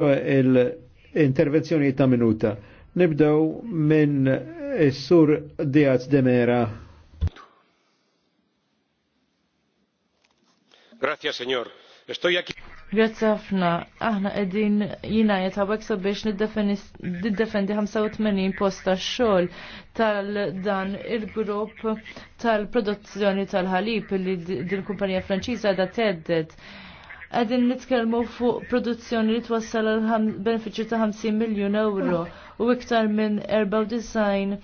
l intervenzjoni ta' minuta. Nibdew minn is-sur Diaz Demera. Grazie, signor. Estoy aquí. Grazie ħafna. Aħna qegħdin jina jitħawek sabiex niddefendi 85 posta xogħol tal-dan il-grupp tal-produzzjoni tal-ħalib li din kumpanija Franċiża da teddet għedin nitkelmu fuq produzzjoni li twassal beneficju ta' 50 miljon euro u iktar minn 94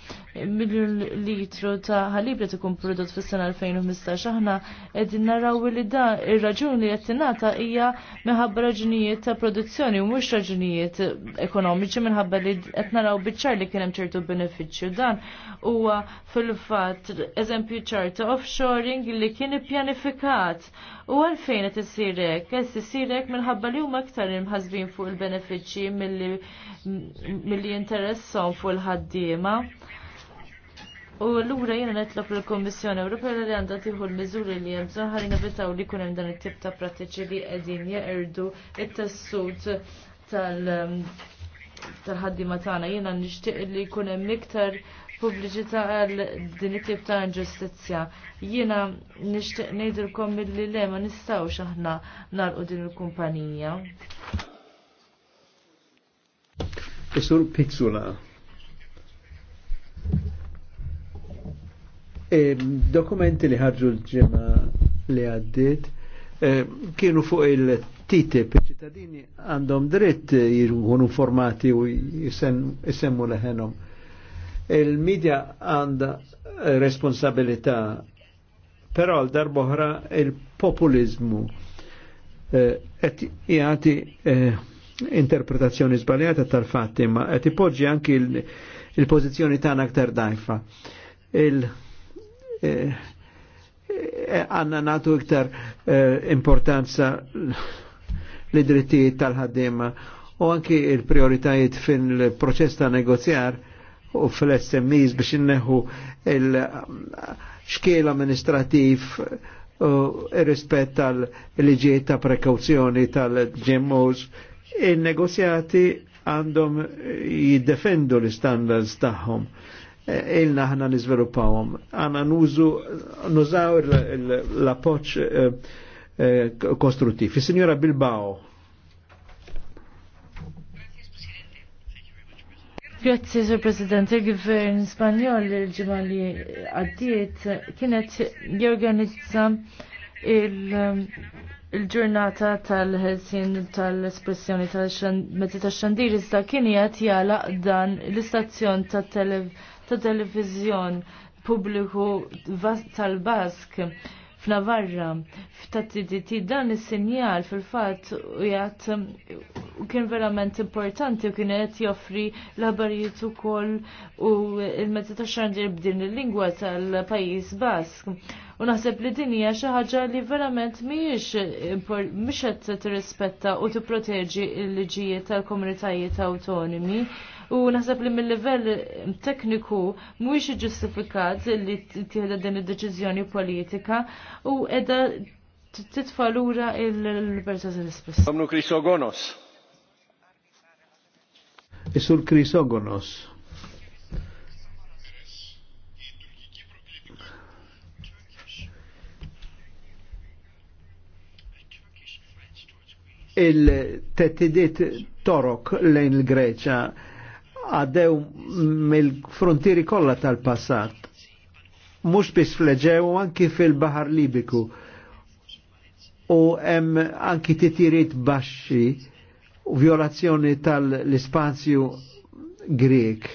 miljon litru ta' ħalibra li tkun prodott fis-sena 2015. Aħna qegħdin naraw li da ir-raġuni qed tingħata hija minħabba raġunijiet ta' produzzjoni u mhux raġunijiet ekonomiċi minħabba li qed naraw biċ-ċar li kien hemm ċertu benefiċċju dan huwa fil-fatt eżempju ċarta offshoring li kien ippjanifikat u għalfejn qed isirek, qed isirek minħabba li huma aktar imħażbin fuq il-benefiċċji milli Interessaw fuq il-ħaddiema. U l-ura jena netlop l komissjoni Ewropea li għandha tieħu l-miżuri li hemm bżonn ħalli nevitaw li jkun hemm dan it-tip ta' pratiċi li qegħdin jeqirdu it-tessut tal- um, tal tagħna jiena nixtieq li jkun hemm iktar pubbliċità għal din it-tip ta' inġustizzja. Jiena nixtieq ngħidilkom milli le ma nistgħux aħna nagħlqu din il-kumpanija. Isur Pizzula. dokumenti li ħarġu l-ġemma li għaddit kienu fuq il-TTIP, ċittadini għandhom dritt jirgħunu formati u jisemmu leħenom. Il-medja għanda responsabilità, però għal darboħra il-populizmu Et jgħati. eh, interpretazzjoni sbaljata tal-fatti, ma qed ipoġġi anki il-pożizzjoni tagħna aktar dajfa. Il eh, eh, għanna eh, natu iktar eh, importanza l-drittijiet tal-ħaddiema u anki il-prioritajiet fin il proċess ta' negozjar u fl-SMIs biex inneħu il-xkiel amministrativ u eh, rispett tal-liġijiet ta' prekawzjoni tal-GMOs il-negozjati għandhom jiddefendu l-standards tagħhom e, ilna ħna nizveluppawhom. Għana nużu nużaw l-appoċ e, e, kostruttiv. Signora Bilbao. Grazie, Sir President. Il-Gvern Spanjol il-ġimali għaddiet kienet jorganizza il- il-ġurnata tal ħelsin tal-espressjoni tal-mezzi tax-xandir iżda kien qed dan l-istazzjon tat-televizjon pubbliku tal-Bask f'Navarra f'tattiditi dan is-sinjal fil-fatt u jgħat kien verament importanti u kien qed joffri l-ħabarijiet ukoll u il-mezzi ta' xandir b'din il-lingwa tal-Pajjiż Bask. U naħseb li din hija xi ħaġa li verament mhijiex mhix qed tirrispetta u tipproteġi l-liġijiet tal-komunitajiet autonomi u naħseb li mill level tekniku mhuwiex ġustifikat li tieħda din id-deċiżjoni politika u qiegħda titfa' lura l-libertà tal-espressjoni. Domnu Krisogonos. Isul Krisogonos. il tettidit torok lejn il-Greċa għaddew mill-frontieri kollha tal-passat. Mhux biss fl-Eġew anki fil-Baħar Libiku. U hemm anki titjiriet baxxi u violazzjoni tal-ispazju Grek.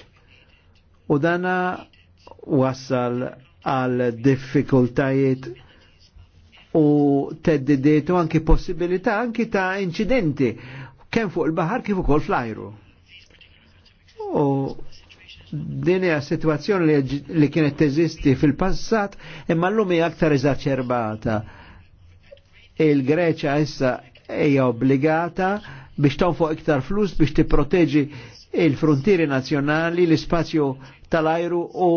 U dana wassal għal diffikultajiet u teddidiet u anki possibilità anki ta' incidenti kemm fuq il-baħar kif ukoll fl-ajru. U din hija situazzjoni li kienet teżisti fil-passat imma llum hija aktar eżaċerbata. Il-Greċa issa hija obbligata biex tonfoq iktar flus biex tipproteġi il-frontieri nazzjonali, l-ispazju tal-ajru u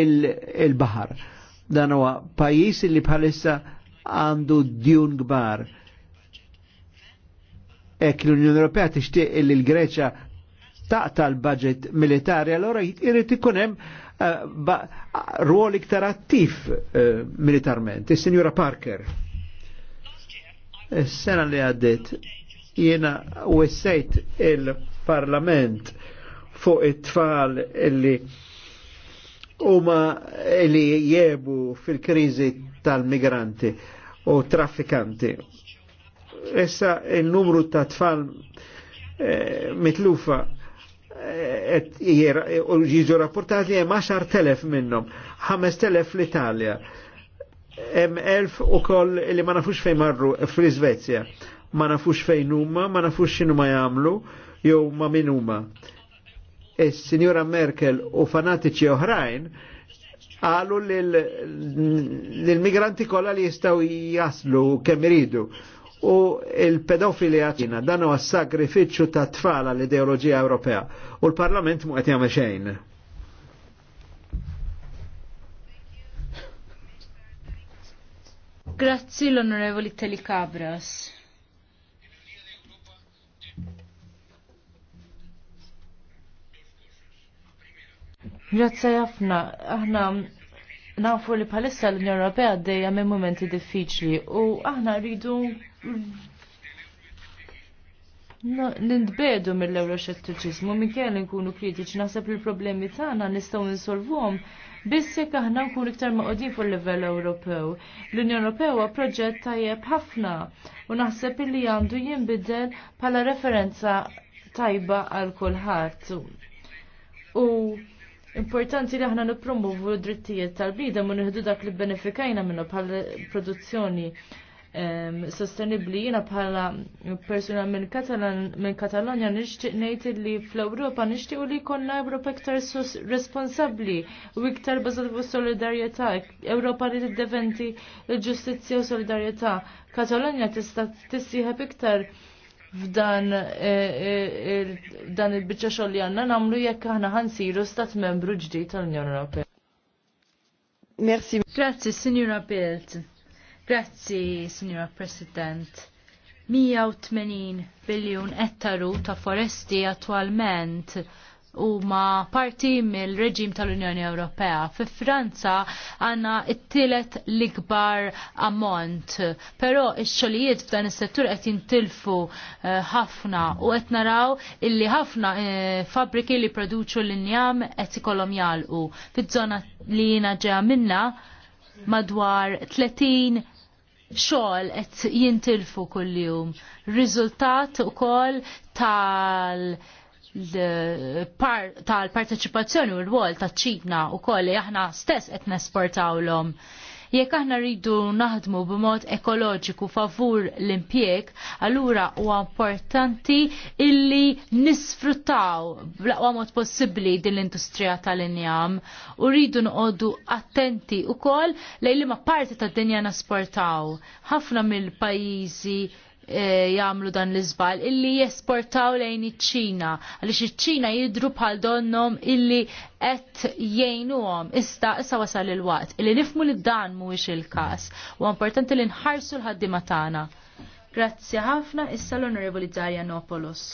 il-bahar. Dan huwa pajjiż li bħalissa għandu djun gbar. Ek l-Unjoni Ewropea tixtieq il l-Greċa taqta l-budget militari, allora jirrit ikunem hemm uh, ruol iktar attiv uh, militarment. il eh, sinjura Parker. Is-sena li għaddit jiena wissejt il-Parlament fuq it-tfal illi huma li jiebu fil krizi tal-migranti u traffikanti. Issa il-numru ta' tfal eh, mitlufa jiġu rapportat li hemm 10,000 minnhom, 5,000 l italja jem 1000 u koll li ma nafux fej marru fl-Iżvezja, ma nafux fej numma, ma nafux xinu ma jamlu, jow ma minuma. Il-Signora Merkel u fanatiċi oħrajn għalu l-migranti kolla li jistaw jaslu kemm iridu u il-pedofilija ċina dan huwa sagrifiċċju ta' tfal l ideologija Ewropea u l-Parlament mu qed jagħmel xejn. Grazzi l-Onorevoli Telicabras. Grazzi ħafna. Aħna nafu li palissa l-Unjoni Ewropea dejja minn momenti diffiċli u aħna rridu nindbedu mill-euroxettiċizmu minn kell nkunu kritiċi naħseb li l-problemi tagħna nistgħu nsolvuhom biss jekk aħna nkunu iktar maqodin fuq livell Ewropew. L-Unjoni Ewropew huwa proġett tajjeb ħafna u naħseb li għandu jinbidel bħala referenza tajba għal kulħadd. U Importanti li aħna nippromovu d-drittijiet tal bidem u nieħdu dak li benefikajna minnu bħal produzzjoni sostenibli jina bħala persuna minn Katalonja nixtieq ngħid li fl-Ewropa nixtieq li jkollna Ewropa iktar responsabbli u iktar bażat fuq solidarjetà, Ewropa li tiddeventi l-ġustizzja u solidarjetà. Katalonja tista' tissieħeb iktar f'dan e, e, e, dan il biċċa xogħol li għandna nagħmlu jekk aħna ħansiru stat membru ġdid tal-Unjoni Ewropea. Merci. Grazzi, Signora Pelt. Grazzi, Signora President. 180 biljun ettaru ta' foresti attualment huma parti mill-reġim tal-Unjoni Ewropea. Fi Franza għandna it tielet l-ikbar ammont, però ix xogħlijiet f'dan is-settur qed jintilfu eh, ħafna u qed naraw illi ħafna fabriki eh, fabbriki li produċu l-injam qed ikollhom jalqu. Fiż-żona li jiena ġeha minna madwar 30 xogħol qed jintilfu kuljum. Riżultat ukoll tal tal-parteċipazzjoni u l-wol ta' ċina u koll li aħna stess qed nesportawlhom. Jekk aħna rridu naħdmu b'mod ekoloġiku favur l-impjeg, allura huwa importanti illi nisfruttaw bl-aqwa mod possibbli din l-industrija tal-injam u rridu noqogħdu attenti wkoll lejn liema parti tad-dinja nasportaw. Ħafna mill-pajjiżi E, jagħmlu dan l-iżbal illi jesportaw lejn iċ-Ċina għaliex iċ-Ċina jidru bħal donnom illi qed jgħinuhom issa issa wasal il-waqt illi nifmu li dan mhuwiex il-każ u importanti li nħarsu l-ħaddiema tagħna. Grazzi ħafna issa l-Onorevoli Darjanopoulos.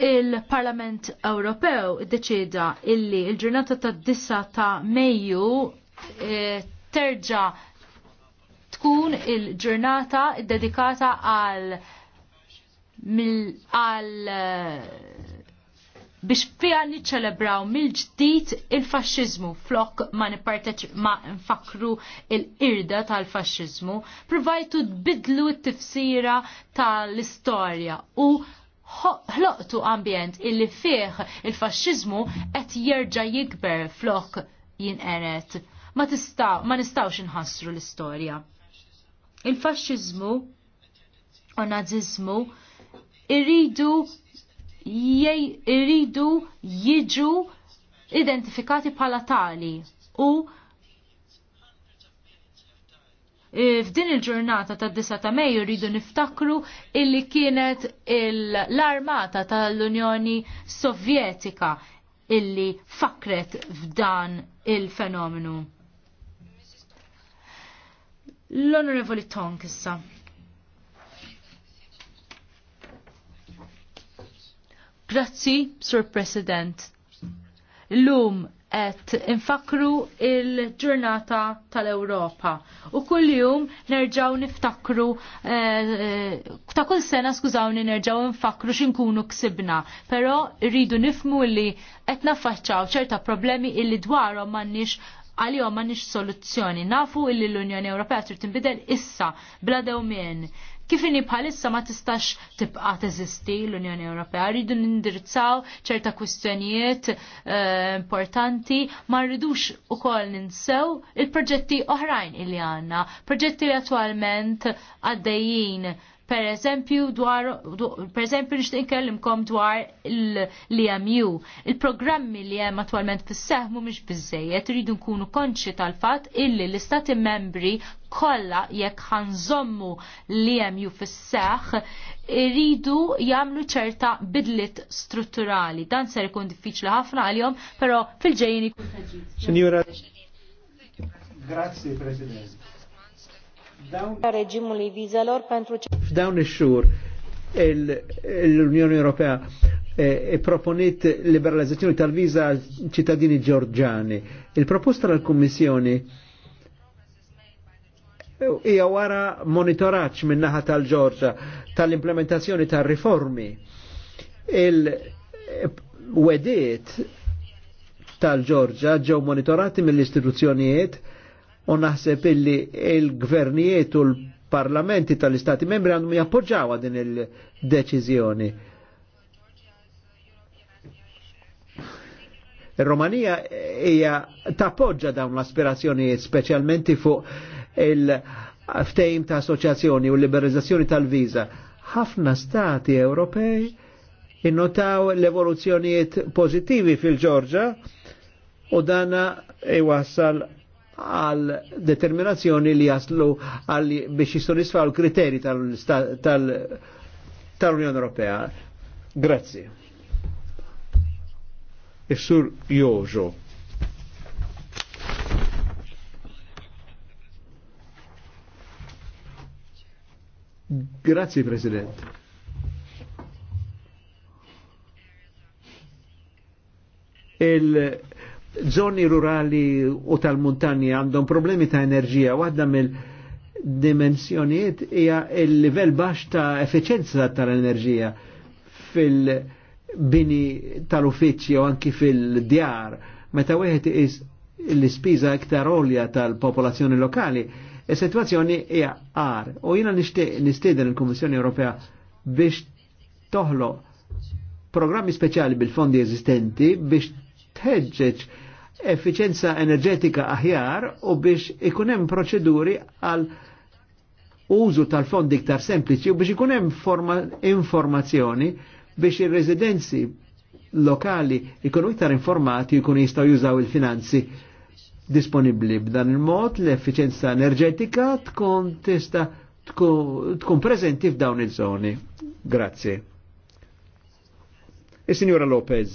il-Parlament Ewropew deċida illi il-ġurnata ta' dissa ta' Mejju eh, terġa tkun il-ġurnata dedikata għal għal eh, biex fija niċċelebraw mill-ġdid il-faxxizmu flok ma ma nfakru il-irda tal-faxxizmu, provajtu tbidlu t-tifsira tal-istorja u ħloqtu ambjent illi fih il fasċizmu qed jerġa' jikber flok jinqeret. Ma tistaw, ma nistgħux inħassru l-istorja. il fasċizmu u naziżmu irridu irridu jiġu identifikati palatali tali u Eh, f'din il-ġurnata ta' 9 ta' Mejju rridu niftakru illi kienet l-armata tal-Unjoni Sovjetika illi fakret f'dan il-fenomenu. L-Onorevoli Tonk issa. Grazzi, Sur President. L-lum qed infakru il-ġurnata tal-Ewropa. U kull jum nerġaw niftakru, eh, ta' kull sena skużawni nerġaw infakru xinkunu ksibna, pero rridu nifmu li qed naffaċċaw ċerta problemi illi dwarhom m'għandniex għalihom m'għandniex soluzzjoni. Nafu illi l-Unjoni Ewropea trid tinbidel issa bla dewmien. Kif inni bħalissa ma tistax tibqa teżisti l-Unjoni Ewropea, rridu nindirizzaw ċerta kwistjonijiet eh, importanti, ma rridux ukoll ninsew il-proġetti oħrajn li għandna, proġetti li attualment għaddejjin Per eżempju, dwar, per eżempju, nkellimkom dwar l-EMU. Il-programmi li hemm attualment fis-seħ mhumiex biżejjed, iridu nkunu konċi tal-fatt illi l-istati membri kollha jekk ħanżommu l-EMU fis-seħ iridu jagħmlu ċerta bidlit strutturali. Dan ser ikun diffiċli ħafna għal-jom, pero fil-ġejjin kun Signora Grazie Presidente. F'dawn ix-xhur l-Unjoni Ewropea e, e proponiet liberalizzazzjoni tal viża ċittadini ġorġani. Il-proposta tal-Kummissjoni hija wara monitoraġġ min-naħa tal-Ġorġa tal-implementazzjoni tal-riformi. Il-wedit tal-Ġorġa ġew monitorati mill-istituzzjonijiet u naħseb illi il-gvernijiet u l-parlamenti tal-istati membri għandhom jappoġġaw din il-deċiżjoni. Il-Romanija hija tappoġġa dawn l aspirazzjoni speċjalmenti fuq il-ftejm ta' assoċjazzjoni u liberalizzazzjoni tal-viża. Ħafna stati Ewropej innotaw l-evoluzzjonijiet pożittivi fil-Ġorġa u dana iwassal għal determinazzjoni li jaslu għal biex jistonisfaw l-kriteri tal-Unjoni Ewropea. Grazzi. Is-sur Joġo. Grazzi, Presidente. Il Zoni rurali u tal-montani għandhom problemi ta' enerġija, waħda mill-dimensjonijiet hija il-livell baxx ta' efficienza tal-enerġija fil-bini tal-uffiċċji u anki fil-djar. Meta wieħed is l-ispiża iktar olja tal-popolazzjoni lokali, is-sitwazzjoni e hija għar. U jiena nistieden il-Kummissjoni Ewropea biex toħloq programmi speċjali bil-fondi eżistenti biex tħeġġeġ efficienza enerġetika aħjar u biex ikunem proċeduri għal użu tal-fondi iktar sempliċi u biex ikunem informazzjoni biex il-residenzi lokali ikunu iktar informati ikunu jistaw jużaw il-finanzi disponibli b'dan il-mod l-efficienza enerġetika tkun tista tkun prezenti f'dawn il-żoni. Grazie. E signora Lopez.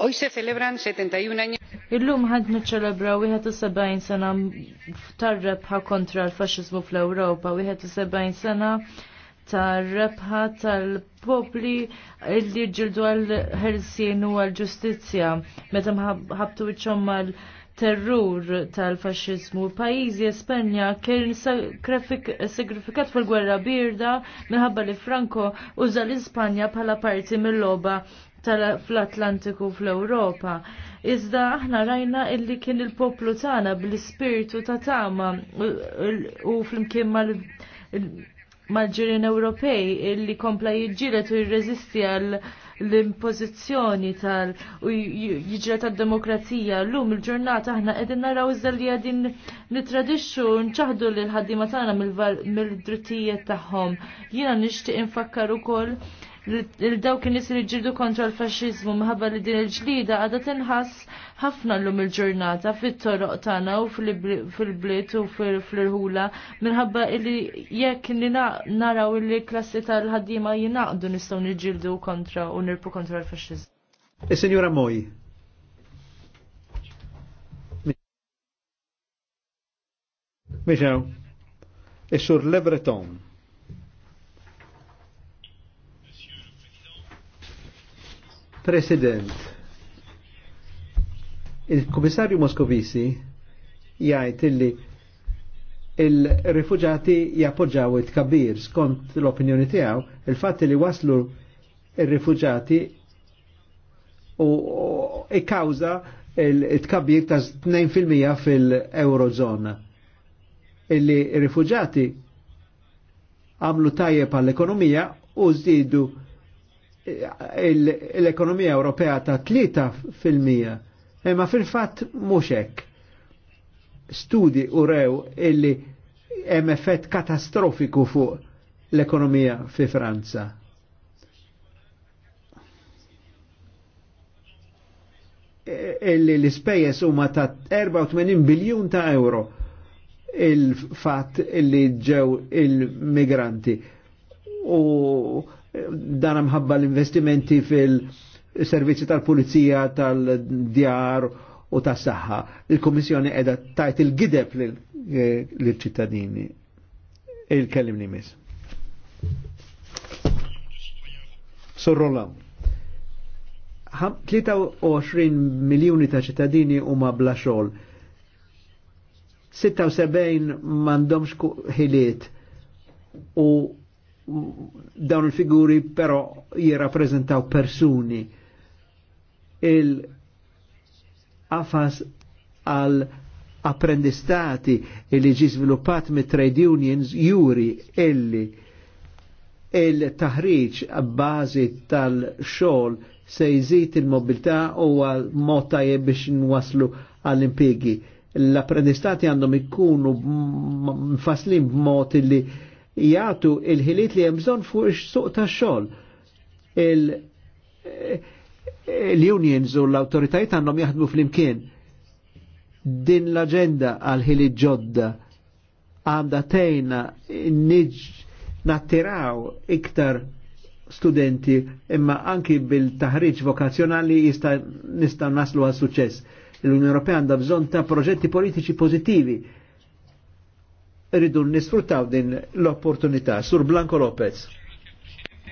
Hoy se celebran 71 años. Illum ħad niċċelebra 71 sena tar-rebħa kontra l faxiżmu fl-Ewropa, 71 sena tar-rebħa tal-popli li ġildu għal-ħelsien u għal-ġustizzja meta mħabtu iċċom mal terrur tal faxismu Pajjiżi Espanja kien sakrifikat fil-gwerra birda minħabba li Franco uża l-Ispanja bħala parti mill-loba fl-Atlantiku fl-Ewropa. Iżda aħna rajna illi kien il-poplu tagħna bl-ispirtu ta' tama u flimkien mal-ġirin Ewropej illi kompla jiġġieled u jirreżisti għal l-impożizzjoni tal u jiġra tad-demokrazija llum il-ġurnata aħna qegħdin naraw iżda li qegħdin nitradixxu nċaħdu lil ħaddiema tagħna mill-drittijiet tagħhom. Jiena nixtieq infakkar ukoll il-dawk nies li ġirdu kontra l fasċizmu minħabba li din il-ġlida għadha tinħass ħafna llum il-ġurnata fit-toroq tagħna u fil blit u fil ħula minħabba li jekk naraw li klassi tal-ħaddiema jinaqdu nistgħu nġirdu kontra u nirpu kontra l fasċizmu e, Il-senjura Moj. Miċaw, il e, sur Lebreton. President, il-Komissarju Moscovici jgħid illi il-rifuġati jappoġġaw it-kabir skont l-opinjoni tiegħu il-fatt li waslu il-rifuġati u ikkawża il tkabbir ta' 2% fil-eurozona. Illi rifuġati għamlu tajjeb għall-ekonomija u żdiedu l-ekonomija Ewropea ta' 3% imma fil-fatt mhux hekk. Studi u rew illi hemm effett katastrofiku fuq l-ekonomija fi Franza. E- illi l-ispejjeż huma ta' 84 biljun ta' euro il-fatt illi ġew il-migranti. U dan mħabba l-investimenti fil-servizzi tal-pulizija, tal-djar u tas saħħa Il-Komissjoni edha tajt il-gideb eh, l-ċittadini. Il-kellimni mis. Sorrola. 23 miljoni ta' ċittadini huma bla xogħol. 76 m'għandhomx ħiliet u dawn il-figuri però jirrapprezentaw persuni il afas għal apprendistati li ġi sviluppat mit trade unions juri illi il-taħriċ bazi tal-xol se jżid il-mobilità u għal mota tajjeb biex nwaslu għall-impjegi. L-apprendistati għandhom ikunu mfaslin b'mod li jgħatu il-ħiliet li hemm bżonn fuq is-suq ta' xogħol Il-unions eh, u l-awtoritajiet għandhom jaħdmu flimkien. Din l agenda għal ħiliet ġodda għanda tejna niġ nattiraw iktar studenti imma anki bil-taħriġ vokazzjonali jista' nistgħu naslu għal suċċess. L-Unjoni Ewropea għandha bżonn ta' proġetti politiċi pożittivi rridu nisfruttaw din l-opportunità. Sur Blanco Lopez.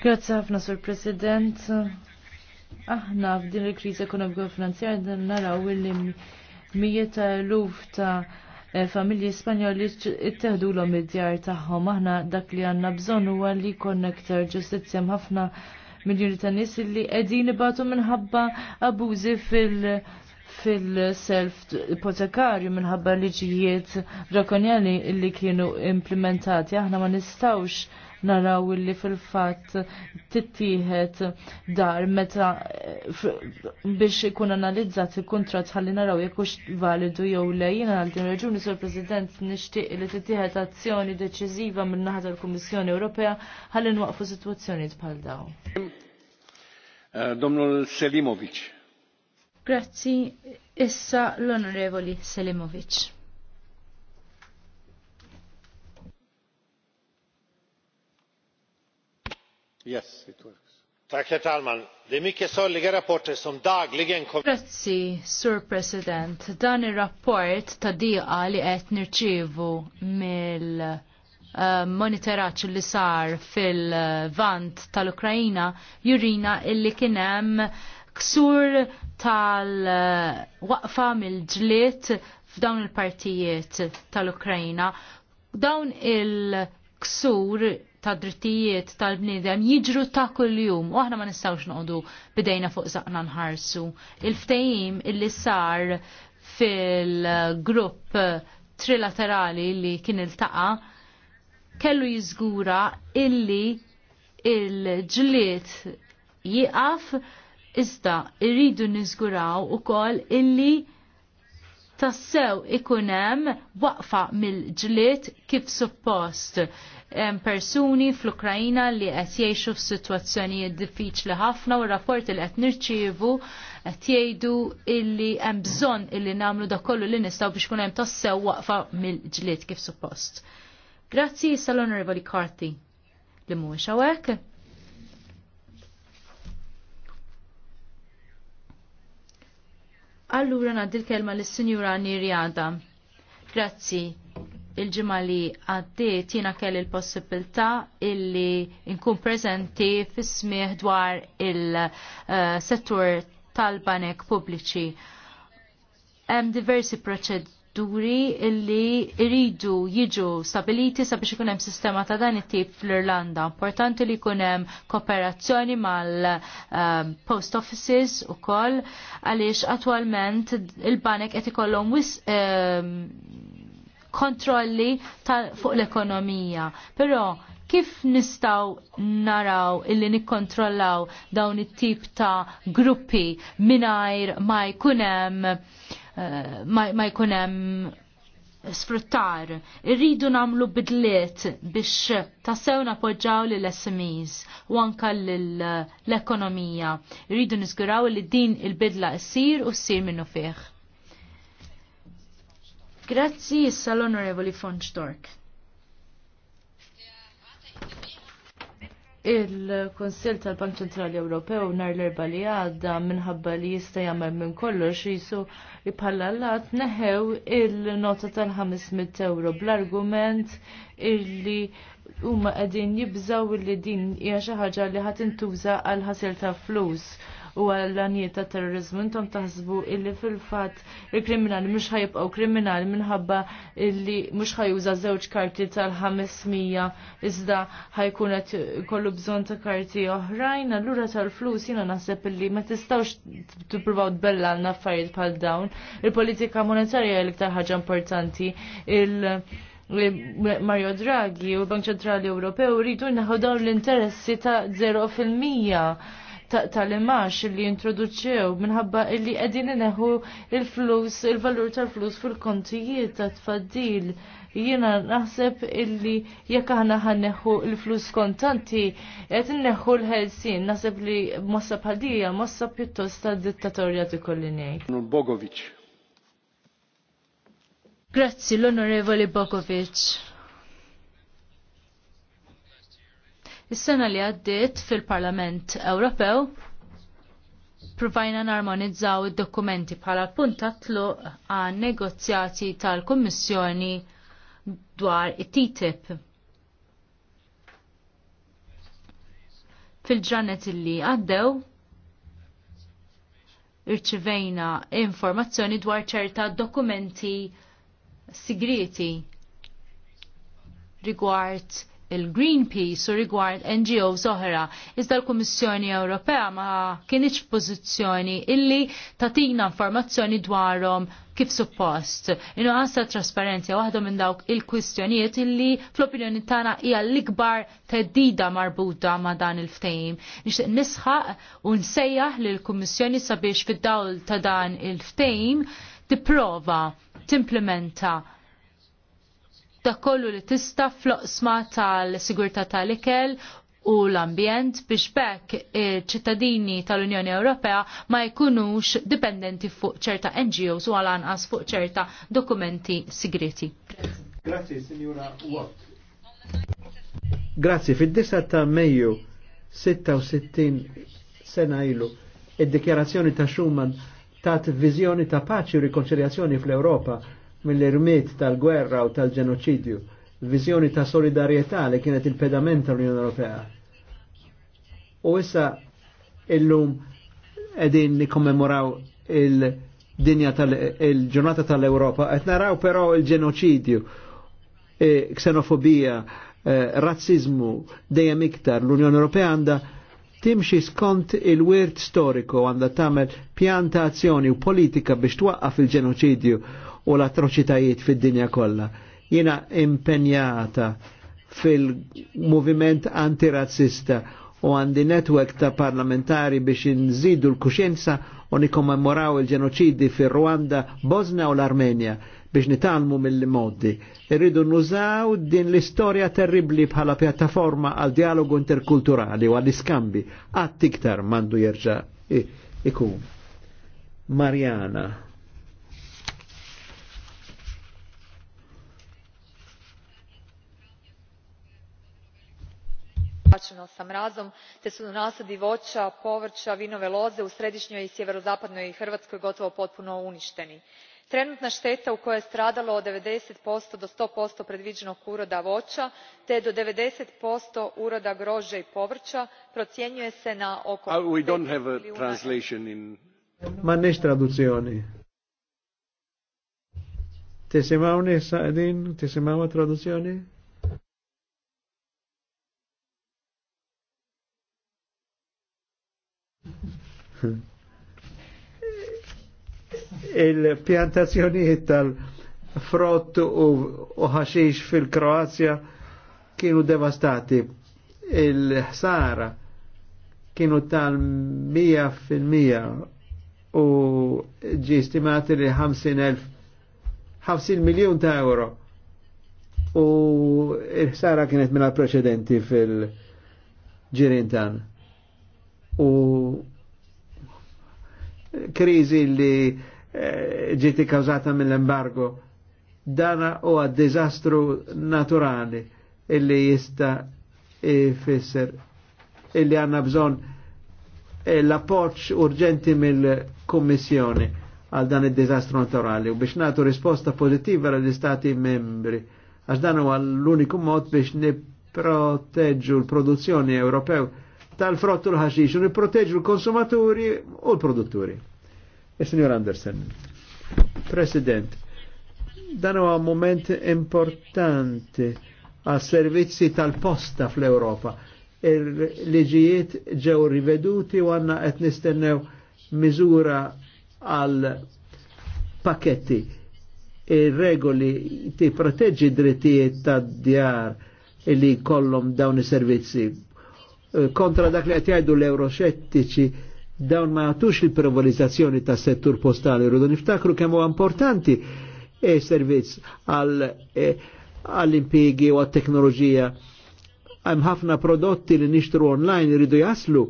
Grazie ħafna, Sur President. Aħna f'din il-kriżi ekonomika u finanzjarja naraw illi mijiet ta' luf ta' familji spanjoli ittieħdu l id-djar tagħhom. Aħna dak li għandna bżonn huwa li konnektar ġustizzja ħafna miljoni ta' nies li qegħdin ibatu minħabba abużi fil- fil-self ipotekarju minħabba liġijiet drakonjali li kienu implementati. Aħna ma nistawx naraw li fil-fat tittieħed dar meta eh, biex ikun analizzat il-kontrat ħalli naraw jekk validu jew le jiena għal din raġuni sur President nixtieq li tittieħed azzjoni deċiżiva minn naħa tal-Kummissjoni Ewropea ħalli nwaqfu sitwazzjonijiet bħal dawn. Eh, domnul Selimovic. Grazzi issa l-Onorevoli Selimovic. Yes, it works. Tack herr talman. Det är mycket sorgliga rapporter som dagligen kommer. Grazzi, Sur President. Dan ir-rapport ta' diqa li qed nirċievu mill eh, monitoraċ li sar fil-vant tal-Ukrajina jurina illi kienem hemm ksur tal-waqfa mill-ġliet f'dawn il-partijiet tal-Ukrajna. Dawn il-ksur ta' drittijiet tal-bnidem jiġru ta' kull-jum u aħna ma nistawx noqdu bidejna fuq zaqna nħarsu. Il-ftejim illi sar fil-grupp trilaterali li kien il-taqa kellu jizgura illi il-ġliet jiqaf Iżda irridu niżguraw ukoll illi tassew ikunem waqfa mill ġlit kif suppost. Persuni fl-Ukrajina li qed jgħixu f'sitwazzjonijiet diffiċli ħafna u rapport li qed nirċievu qed jgħidu illi hemm bżonn illi nagħmlu da kollu li nistgħu biex kun hemm tassew waqfa mill ġlit kif suppost. Grazzi sal-Onorevoli Karti li mhuwiex hawnhekk. Allura naddi l-kelma l-Sinjura Nirjada. Grazzi. il ġimali li għaddiet jiena il-possibilta possibilità illi nkun prezenti fis-smieħ dwar il-settur eh, tal-banek pubbliċi. Hemm diversi proċed proċeduri illi iridu jiġu stabiliti sabiex ikun hemm sistema ta' dan it-tip fl-Irlanda. Importanti li jkun hemm kooperazzjoni mal-post ehm, offices ukoll għaliex attwalment il-banek qed ikollhom wis ehm, kontrolli fuq l-ekonomija. Però kif nistaw naraw illi nikkontrollaw dawn it-tip ta' gruppi minajr ma jkunem uh, ma jkun hemm sfruttar. Irridu namlu bidliet biex tassew napoġġaw l SMEs u anka l-ekonomija. Irridu nizguraw li din il-bidla ssir u ssir minnu fieħ. Grazzi issa l-Onorevoli von Il-Konsil tal-Bank Ċentrali Ewropew nar l-erba li għadda minħabba li jista' jagħmel minn kollox jisu ipallallat neħew il-nota tal-500 euro bl-argument illi huma qegħdin jibżaw li din hija xi ħaġa li ħadd intuża għal ħasel ta' flus u għall-għaniet ta' terrorizmu intom taħsbu illi fil-fat il-kriminali mux ħajibqaw kriminali minħabba illi mux ħajuża żewġ karti tal-500 iżda ħajkun qed kollu bżonn ta' karti oħrajn, allura tal-flus jiena naħseb illi ma tistgħux tippruvaw tbella l affarijiet bħal dawn. Il-politika monetarja l-iktar ħaġa importanti. il- Mario Draghi u l-Bank Ċentrali Ewropew rridu naħu dawn l-interessi ta' 0% tal-imax li introduċew minħabba li qegħdin neħu il-flus, il-valur tal-flus fil-kontijiet ta' tfaddil. Jiena naħseb illi jekk aħna ħanneħu il-flus kontanti qed inneħħu l-ħelsin, naħseb li mossa bħaldija, mossa pjuttost ta' dittatorja kolli ngħid. Bogovic. Grazzi l-Onorevoli Bogovic. Is-sena li għaddiet fil-Parlament Ewropew provajna narmonizzaw id-dokumenti bħala punta tlu għan negozjati tal-Kommissjoni dwar it-TTIP. Fil-ġranet li għaddew, irċivejna informazzjoni dwar ċerta dokumenti sigriti rigward il-Greenpeace u rigward NGO oħra, iżda l-Kummissjoni Ewropea ma kienieċ pożizzjoni illi tatina informazzjoni dwarhom kif suppost. Inu għasta trasparenzja waħda minn dawk il-kwistjonijiet illi fl-opinjoni tagħna hija l-ikbar teddida marbuta ma dan il-ftehim. Nixtieq nisħaq u nsejjaħ l kummissjoni sabiex fid-dawl ta' dan il-ftehim tipprova timplementa dak kollu li tista' floqsma tal-sigurtà tal-ikel u l-ambjent biex bekk ċittadini tal-Unjoni Ewropea ma jkunux dipendenti fuq ċerta NGOs u għal-anqas fuq ċerta dokumenti sigreti. Grazie, signora Watt. Grazie, fid-9 ta' Mejju 66 sena ilu id-dikjarazzjoni ta' Schumann tat viżjoni ta' paċi u rikonċiljazzjoni fl-Ewropa mill-irmiet tal-gwerra u tal-ġenoċidju, viżjoni ta' solidarietà li kienet il-pedament tal-Unjoni Ewropea. U issa illum edin nikommemoraw il-dinja tal-ġurnata il tal-Europa, qed naraw però il-ġenoċidju, e ksenofobija, e razzizmu dejjem iktar l-Unjoni Ewropea għandha timxi skont il-wirt storiku għanda tamel pjanta azzjoni u politika biex twaqqaf il-ġenoċidju u l-atroċitajiet fid-dinja kollha. Jiena impenjata fil-moviment antirazzista u għandi network ta' parlamentari biex nżidu l kuxenza u nikommemoraw il-ġenoċidi fil Rwanda, Bosna u l-Armenja biex nitalmu mill-modi. Irridu nużaw din l istoria terribli bħala pjattaforma għal dialogu interkulturali u għal iskambi Għat iktar mandu jirġa ikun. Marjana. obuhvaćeno sam razom, te su nasadi voća povrća vinove loze u središnjoj i sjeverozapadnoj hrvatskoj gotovo potpuno uništeni trenutna teta u kojoj je stradalo od ninety do one predvienog uroda voa te do ninety uroda groa i povra procjenjuje se na oko. Uh, il-pjantazzjonijiet tal-frott u ħaxix fil-Kroazja kienu devastati. Il-ħsara kienu tal-100% u ġi stimati li elf 50 miljon ta' euro. U il-ħsara kienet minna preċedenti fil-ġirintan. U krizi li Eh, ġiti kawzata mill-embargo. Dana u għad dizastru naturali illi jista fisser illi għanna bżon eh, l-appoċ urġenti mill-Kommissjoni għal dan il-dizastru naturali u biex natu risposta pozittiva għal istati membri għax dan huwa l-uniku mod biex niproteġġu l-produzzjoni Ewropew tal-frottu l-ħaxix u niproteġġu l-konsumaturi u l-produtturi. Il-Signor e, Andersen. President, dan huwa moment importanti għas servizzi tal-posta fl-Europa. Il-liġijiet ġew riveduti u għanna qed nistennew miżura għal paketti. Il-regoli ti proteġġi drittijiet tad djar li kollom dawn is-servizzi. Kontra dak li qed l-euroxettiċi dawn ma jagħtux il-privatizzazzjoni tas settur postali rridu niftakru kemm huwa importanti e servizz e, għall impiegi u għat-teknoloġija. Hemm ħafna prodotti li nixtru online iridu jaslu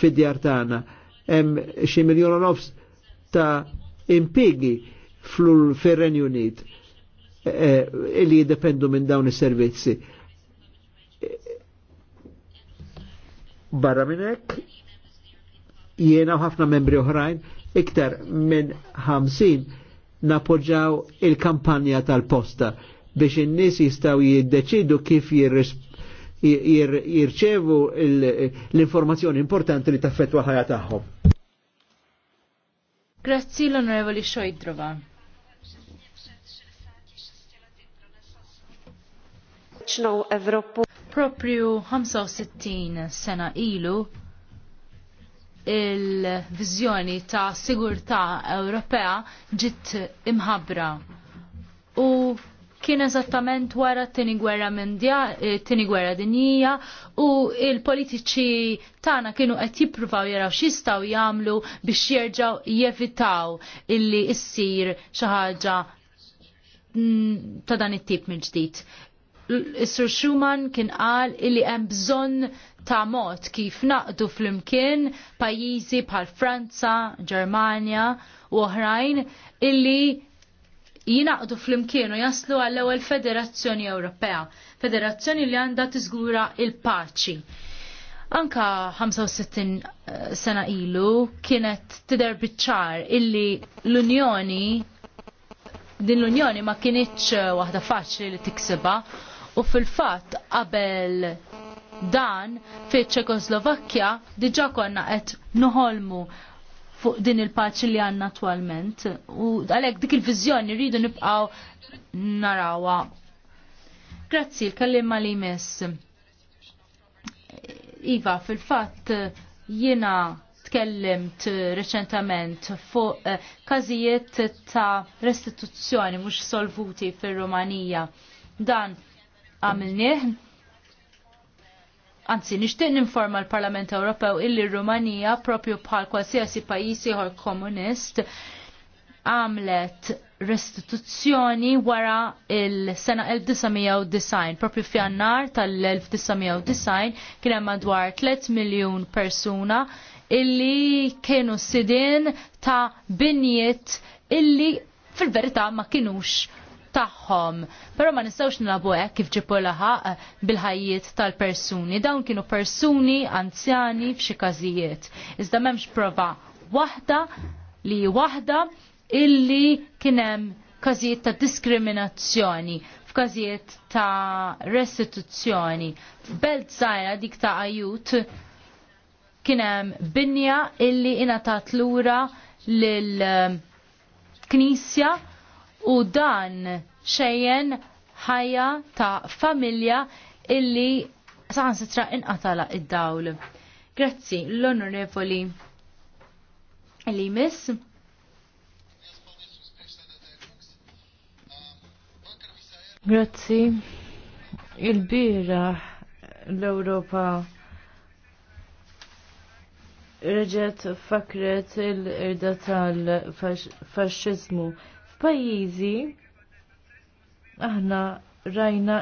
fid-djar tagħna. Hemm xi miljon nofs ta' impiegi fil-Renju Unit illi e, e, jiddependu minn dawn is-servizzi. Barra minn hekk jiena u ħafna membri oħrajn iktar minn 50 napoġġaw il-kampanja tal-posta biex in-nies jistgħu jiddeċidu kif jirċevu l-informazzjoni importanti li taffettwa ħajja tagħhom. Grazzi l-Onorevoli Xojdrova. Proprju 65 sena ilu il-vizjoni ta' sigurtà Ewropea ġitt imħabbra. U kien eżattament wara t-tini gwerra eh, t-tini gwerra dinjija u il-politiċi tana kienu qed jippruvaw jaraw x'jistgħu jagħmlu biex jerġgħu jevitaw illi issir xi ħaġa mm, ta' dan it-tip mill ġdid. Sir Schumann kien qal illi hemm bżonn ta' mod kif naqdu fl-imkien pajjiżi bħal Franza, Ġermanja u oħrajn illi jinaqdu fl-imkien u jaslu għall ewwel Federazzjoni Ewropea, federazzjoni li għandha tiżgura il-paċi. Anka 65 eh, sena ilu kienet tider biċċar illi l-Unjoni din l-Unjoni ma kienieċ eh, waħda faċli li tikseba u fil-fatt qabel dan fiċ ċekoslovakkja diġa konna qed nħolmu fuq din il-paċi li għanna attualment. U għalek dik il-vizjoni rridu nibqaw narawa. Grazzi, l-kallimma li jmiss. Iva, fil-fat jina tkellimt reċentament fuq eh, kazijiet ta' restituzzjoni mhux solvuti fir-Rumanija. Dan għamilnieh Anzi, nixtieq ninforma l-Parlament Ewropew illi Rumanija propju bħal qualsiasi pajjiż ieħor komunist għamlet restituzzjoni wara il-sena 1990, propju fjannar tal-1990 kien hemm madwar 3 miljun persuna illi kienu sidin ta' binjiet illi fil-verità ma kienux tagħhom. Però ma nistgħux nilabu hekk kif ġipu laħaq eh, bil-ħajjiet tal-persuni. Dawn kienu persuni anzjani f'xi każijiet. Iżda m'hemmx prova waħda li waħda illi kien hemm każijiet ta' diskriminazzjoni f'każijiet ta' restituzzjoni. F'belt żgħira dik ta' ajut kien hemm binja illi ingħatat lura lil eh, knisja u dan xejjen ħajja ta' familja illi saħansitra inqatala id-dawl. Grazzi, l-onorevoli li miss. Grazzi, il-bira l-Europa reġet fakret il-irda tal-fasċizmu. F'pajjiżi aħna rajna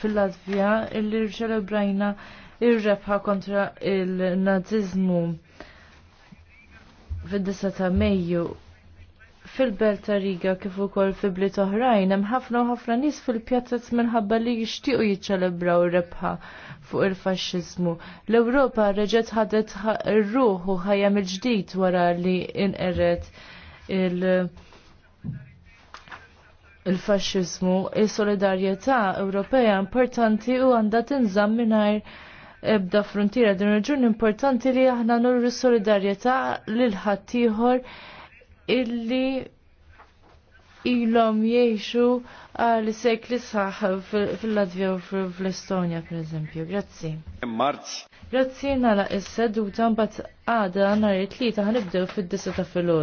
fil-Latvija illi ċelebrajna ir-rebħa kontra il-nazizmu fid disa ta' Mejju fil-belt ta' Riga kif ukoll fi bliet oħrajn hemm ħafna u ħafna nies fil-pjazzazz minħabba li jixtiequ jiċċelebraw rebħa fuq il-faxxiżmu. L-Ewropa reġgħet ħadet ir-ruħ u ħajja mill-ġdid wara li inqeret il- il-faxxiżmu, il-solidarjetà Ewropea importanti u għandha tinżamm mingħajr ebda frontiera din raġun importanti li aħna nurru solidarjetà lil ħaddieħor illi ilhom jgħixu għal sekli saħ fil-Latvija u fl-Estonja pereżempju. Grazzi. Marz. Grazzi nagħlaq is-seduta mbagħad għada nhar it-tlieta ħanibdew fid-disa ta' filgħodu.